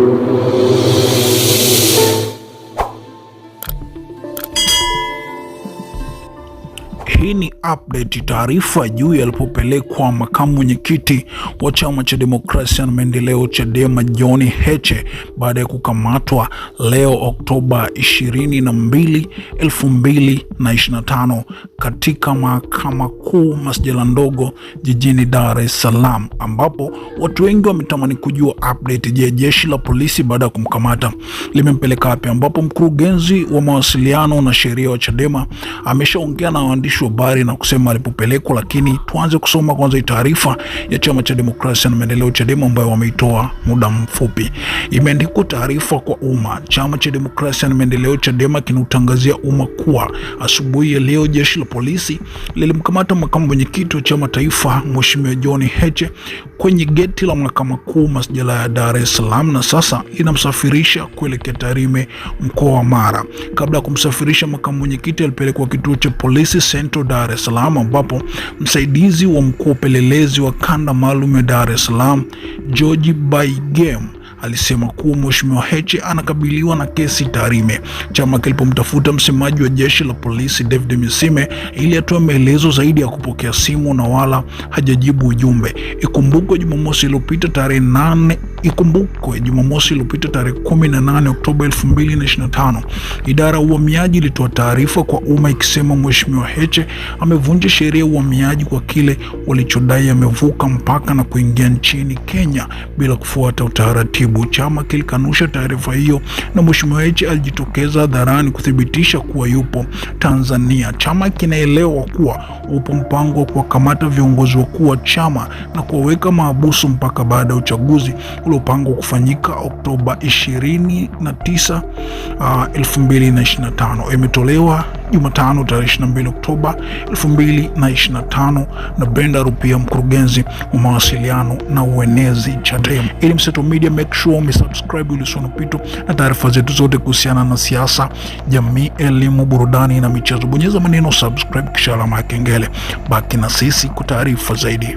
Senhor. Hii ni update taarifa juu yalipopelekwa makamu mwenyekiti wa chama cha demokrasia na maendeleo Chadema John Heche baada ya kukamatwa leo Oktoba 22, 2025 katika mahakama kuu masjala ndogo jijini Dar es Salaam, ambapo watu wengi wametamani kujua update. Je, jeshi la polisi baada ya kumkamata limempeleka wapi? Ambapo mkurugenzi wa mawasiliano na sheria wa Chadema ameshaongea na waandishi habari na kusema alipopelekwa, lakini tuanze kusoma kwanza hii taarifa ya chama cha demokrasia na maendeleo CHADEMA ambayo wameitoa muda mfupi. Imeandikwa taarifa kwa umma. Chama cha demokrasia na maendeleo CHADEMA kinautangazia umma kuwa asubuhi ya leo jeshi la polisi lilimkamata makamu mwenyekiti wa chama taifa Mheshimiwa John Heche kwenye geti la mahakama kuu masjala ya Dar es Salaam na sasa inamsafirisha kuelekea Tarime mkoa wa Mara. Kabla ya kumsafirisha, makamu mwenyekiti alipelekwa kituo cha polisi Central Soweto, Dar es Salaam, ambapo msaidizi wa mkuu wa upelelezi wa kanda maalum ya Dar es Salaam George Baigem alisema kuwa mheshimiwa Heche anakabiliwa na kesi Tarime. Chama kilipomtafuta msemaji wa jeshi la polisi David Misime ili atoe maelezo zaidi ya kupokea simu na wala hajajibu ujumbe. Ikumbukwe Jumamosi iliyopita tarehe nane Ikumbukwe Jumamosi iliyopita tarehe 18 Oktoba 2025, idara ya uhamiaji ilitoa taarifa kwa umma ikisema Mheshimiwa Heche amevunja sheria ya uhamiaji kwa kile walichodai amevuka mpaka na kuingia nchini Kenya bila kufuata utaratibu. Chama kilikanusha taarifa hiyo na Mheshimiwa Heche alijitokeza hadharani kuthibitisha kuwa yupo Tanzania. Chama kinaelewa kuwa upo mpango wa kuwakamata viongozi wakuu wa chama na kuwaweka mahabusu mpaka baada ya uchaguzi uliopangwa kufanyika Oktoba 29, 2025. Uh, Imetolewa Jumatano tarehe 22 Oktoba 2025 na Brenda Rupia, mkurugenzi wa mawasiliano na uenezi Chadema. Ili Mseto Media, make sure umesubscribe ili usione na taarifa zetu zote kuhusiana na siasa, jamii, elimu, burudani na michezo. Bonyeza maneno subscribe kisha alama ya kengele. Baki na sisi kwa taarifa zaidi.